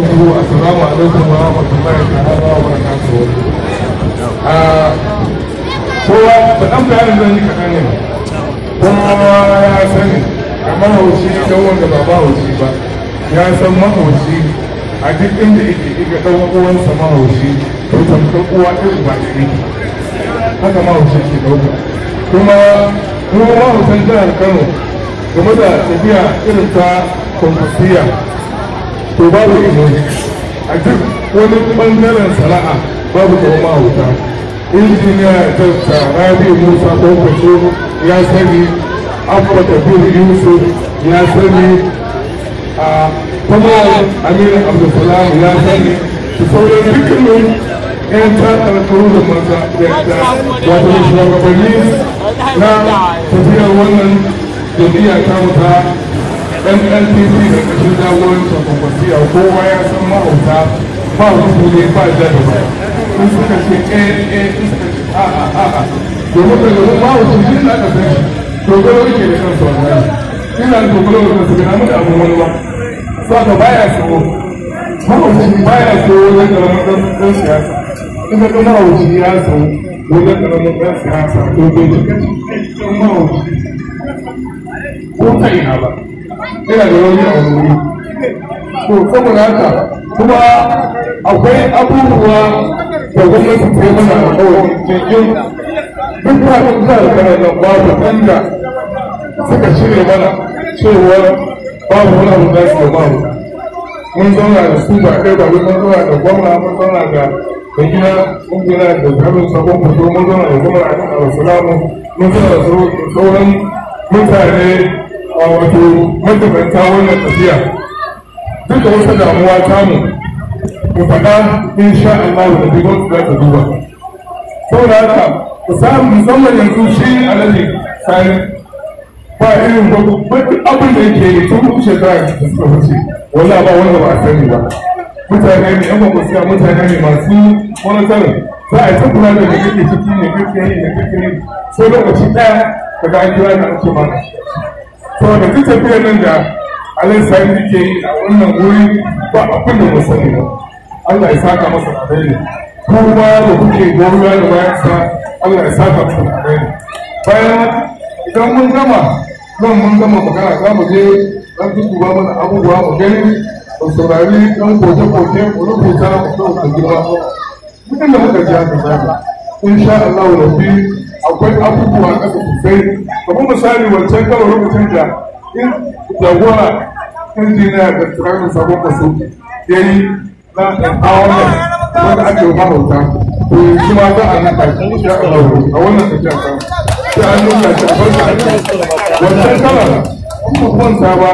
barkanku assalamu alaikum wa rahmatullahi ta'ala wa barakatuh ah kowa faɗan bayanin zan yi kaɗan ne kowa ya sani amma haushi don wanda ba ba haushi ba ya san mahaushi a duk inda yake iga ɗan uwansa mahaushi to tamkar uwa irin ba ɗari haka mahaushi ke ɗauka kuma kuma mahausan jihar kano game da tafiya irin ta kwanfasiya to babu izini a duk wani bangaren sana'a babu kuma mahauta injiniya tattara rabi musa kwankwaso ya sani abba kabir yusuf ya sani a kuma amina abdulsalam ya sani su sauran dukkanin yan kuru da maza da wata shugabanni na tafiyar wannan jami'a ta dan npp da kashin jagorancin a kowa ya san mahauta ba wasu ne ba da ba in suka ce eh eh in suka ce a a a a domin da domin ba wasu ne da aka san shi dogaro yake da kansu a wani ina dogaro da kansu da namu abin wani ba saka baya tsoro mahauci baya tsoro wajen karamin ɗan siyasa in ka ga mahauci ya tsoro wajen karamin dan siyasa to bai cika cikakken ko ina ba yana da rauni a wani wuri to saboda haka kuma akwai abubuwa da gwamnati ta yi mana alkawari cikin duk faɗin jihar kanan nan babu ɗanda suka shirya mana cewar babu wani abu da su ba mun zauna da su ba kai ba mun zauna da gwamna mun zauna da da gina mun gina da jami'in sabon fito mun zauna da gwamna a kan alasalamu mun zauna da sauran mutane A wato magabanta wannan tafiya duk da wasu damuwa ta mu faɗa sha Allah da wasu za ta duba saboda haka ku musamman musamman yanzu shi alaji sani ba irin babban abin da yake yi tun kuma shekara da suka wuce wala ba wanda ba a sani ba mutane ne yan bakwasiya mutane ne masu wani sanin za a ta kula da kake ciki ne kake yi ne kake yi sai lokaci ɗaya daga an kira ka an ba. so da ta tafiya nan da alaisa yake yi a wannan wuri ba abin da ba ba Allah ya saka masa alheri kowa da kuke goruwa da bayansa Allah ya saka masa alheri bayan idan mun gama nan mun gama magana za mu je dan duk ba mana abubuwa mu gani mu saurari dan koke koke mu rubuta mu dauka girma ji haka zaka insha Allah rabbi akwai abubuwa a ƙasa sosai kamar misali wancan kawai mutum da in jagora injiniya da turanin sabon kaso ya yi na empowerment wanda ake yi mahauta to yanzu ma za a nuna shi ya Allah a wannan tafiya ta sai an nuna shi a farko wancan kala kuma kuma saba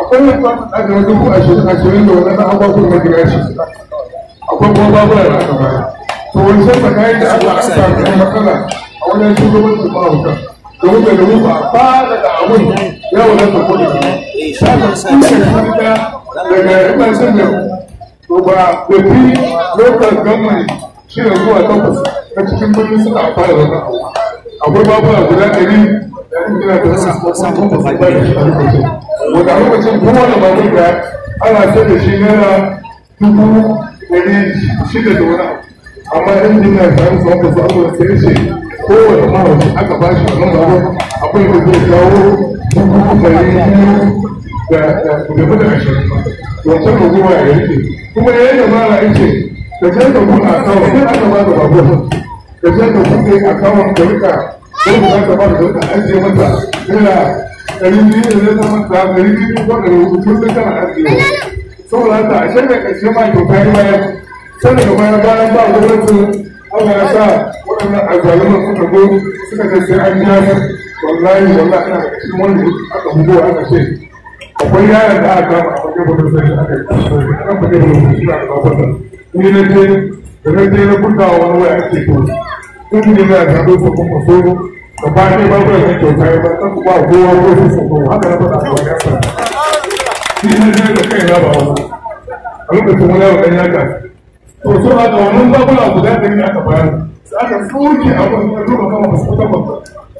akwai wata ɗaga dubu ashirin ashirin da wani ɗan abubuwan na gina shi akwai kuma babura da aka bayar to wancan tsakanin da aka an samu matsala a wajen shugabancin mahauta domin mai domin ba ba da da'awun ya wadata ko kanta daga to ba da fi shi zuwa takwas cikin birnin suna fara akwai babura guda ɗari da injina da sassa da faɗi a lokacin kowane babur da ana sai da shi naira dubu ɗari shida da wani abu amma injina da sassa samun da sai kowane mahauci aka ba shi wannan babur akwai da zai kawo dubu ɗari da dubu da ashirin wancan da zuwa ya rike kuma yadda mara yake da can da kuɗa a kawo sai aka ba da babur da can da yi a kawo da rika sai da aka ba da rika an je mata yana ɗari biyu da zai zama da ɗari biyu ko ɗari hudu kullum tana ajiyewa saboda haka a da ƙarshe ma kyauta ya bayan sannan bayan bayan ba gwamnati Allah ya sa waɗannan azaliman suka zo suka ce sai an biya su wallahi wallahi ana da cikin wanda aka hugo aka ce akwai yaron da aka kama a bakin bakin sai aka yi aka bakin bakin shi aka kawo wannan ni na ce da na je na buga wani waya ake to sun ne na ta zo ko kuma so ka ba ne ba waya kan kyauta ba kan ba kowa ko su su ko haka na faɗa a wani yasa ni na je da kai na ba wani a lokacin wani yaro ɗan yaka to so haka wannan babura guda ɗari aka bayar sai aka tsoke a da ruwa gama ba su fita ba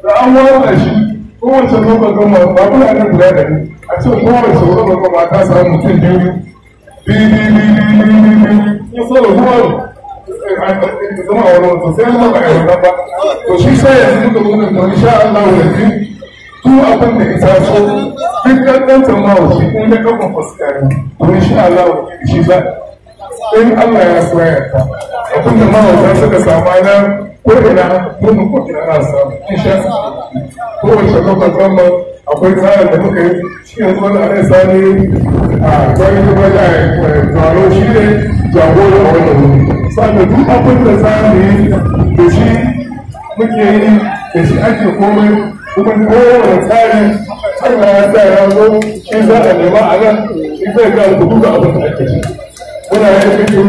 da an wata shi kowace ruwa gama ba kuna nan guda da ni a ce kowace ruwa gama ta samu mutum biyu biyu zama a wani sai Allah ba a yi ba to shi sai Allah ita in ba in Allah ya so ya abin da mahauta suka samu na ko'ina kuma ko'ina na samu in kowace lokacin akwai tsarin da muka yi cikin zuwan a sani a wani zuwa da tsaro eh, shi ne jagoro a wannan wuri sannan duk abin da za mu yi da shi muke yi da shi ake komai kuma kowane tsari Allah ya sa ya zo shi za a nema a nan shi zai ga duka abin da ake ci. Muna yin bikin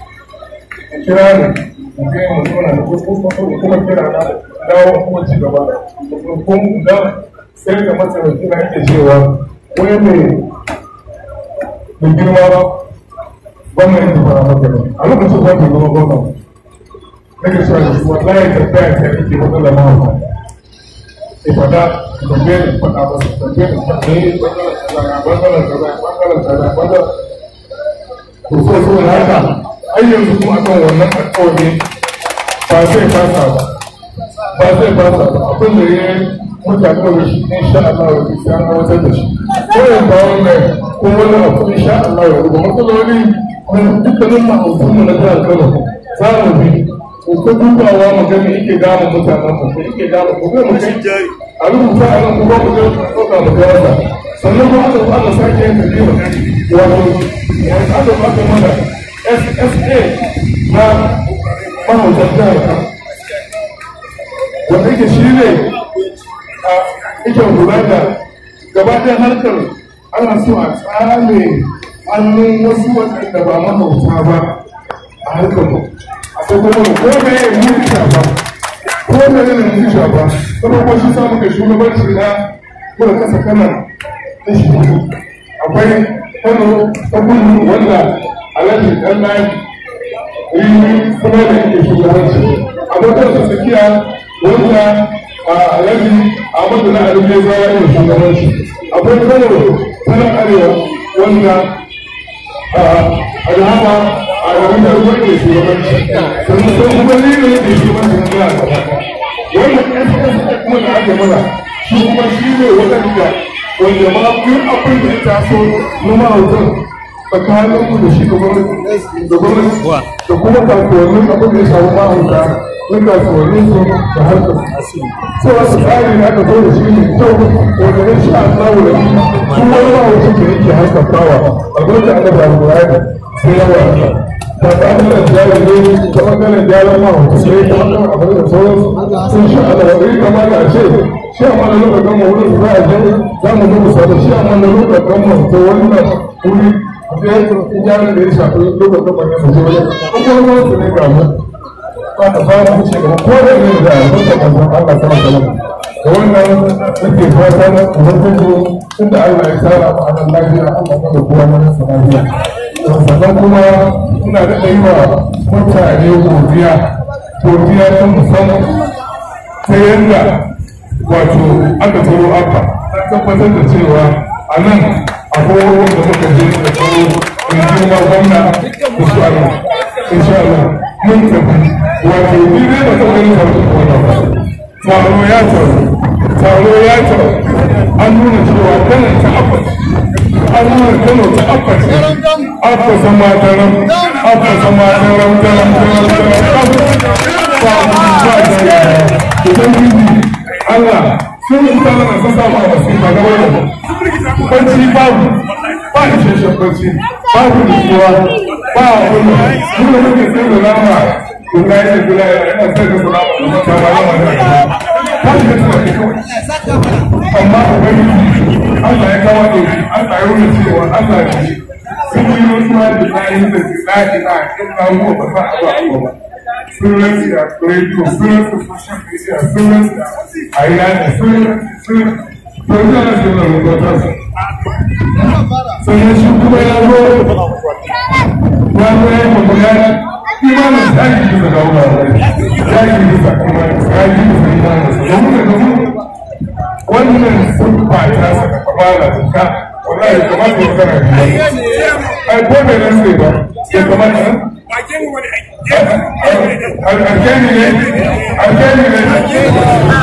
ya kira ni mu kai mu zauna da kuma kira na dawo kuma ci gaba da kuma da sai da masarauki na yake cewa wai mai da girma ba gwamnan yake fara maka a lokacin ba ke zama gwamnan nake cewa da su wallahi tabbaya ta yake matsala mahaifata ifada tambaye da faɗa ba tambaye da faɗa ne bangaren eh, kaza bangaren kaza bangaren kaza bangaren to sai so haka har yanzu kuma akan wannan alƙawari ba zai fasa ba ba zai fasa ba abin da ya mutu alƙawari shi in sha Allah ya fi an aiwatar da shi ko ba wannan ko wani abu in sha Allah ya rubuta matsaloli na dukkanin ma'aikatan na jihar Kano za mu bi ko ta dubawa mu ga yake damun mutanen mu yake damun mu mu kai a rubuta a nan kuma mu ga ɗauka mu ga wata sannan kuma aka zo aka sake yin kalli wato aka zo aka mana SSA na mahautar jihar Kano wanda yake shi ne a ita lura da gabatar harkar ana so a tsame hannun wasu waɗanda ba mahauta ba a harkar mu a sai kuma ko me ya yi shafa ko me ya yi shafa kuma ko shi samu ga shugabanci na mura kasa kana da mu akwai kano ta kudu wanda alhaji dan nani rini kuma da yake shugabanci abokan su tsakiya wanda a alhaji ahmadu na alibe zawa yake shugabanci akwai kano sanar arewa wanda alhama a ramar wanda ke shugabanci sannan sun kuma ne ne ke shugabanci na wannan ɗan suka kuma da ake mana shi kuma shi ne waɗanda wanda ma kun abin da ya taso na mahautar mu da shi da da kuma kasuwannin abin da ya samu mahauta don kasuwannin su da harkar sai So a na haka zo da shi ne kyau wanda ya sha Allah wa su wani mahaucin da yake harkar fawa a gwamnati aka ba da qurani sai ya wata ta ɓangaren jari ne ta ɓangaren jaran mahauci ne ta ɓangaren abin da sauransu sun sha Allah wa rabi kamar a ce shi a mana lokacin mu wurin su za a je za mu zo mu shi a mana lokacin mu to wannan wuri sai da ya shafi lokacin da ba su wajen ƙwaƙwalwar su ne ga ta inda Allah ya a lafiya Allah ya kuma ina daɗa yi wa mutane godiya godiya yadda wato aka tsaro aka tabbatar da cewa a nan A wani da muka je da kawo mai girma gwamna mun tafi ya ya an nuna ta an nuna ta ya Allah sun kusa mana sun samu a wasu ba gaba da kwanci babu ba isasshen kwanci babu nutsuwa ba a wani duk da muke sai da rama guda ya guda ya ina sai da salama da mata ba rama da ta shi da suna ke kawai amma ubangiji Allah ya kawo da shi Allah ya wuce cewa Allah ya ce sun yi nutsuwa da ta yi da su ɗaɗi yi in ba sa ba a ba experience you are going to, experience the social media, experience the island, experience, experience. Provision is going to be important. So you should do it alone. One way from the other. Human is trying to use the government. Trying to use the government. Trying to use the human. The woman, the woman. One woman is so ba. Ya kamar. Bakin wani aiki. alkhairi ne alkhairi ya kuma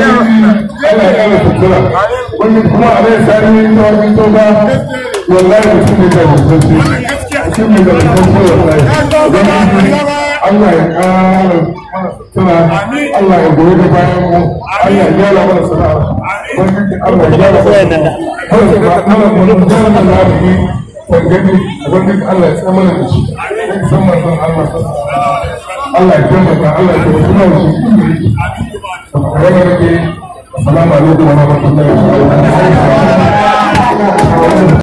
ya kara ya ya mana san manzon Allah Allah ya tabbata Allah ya tabbata suna wasu inda yake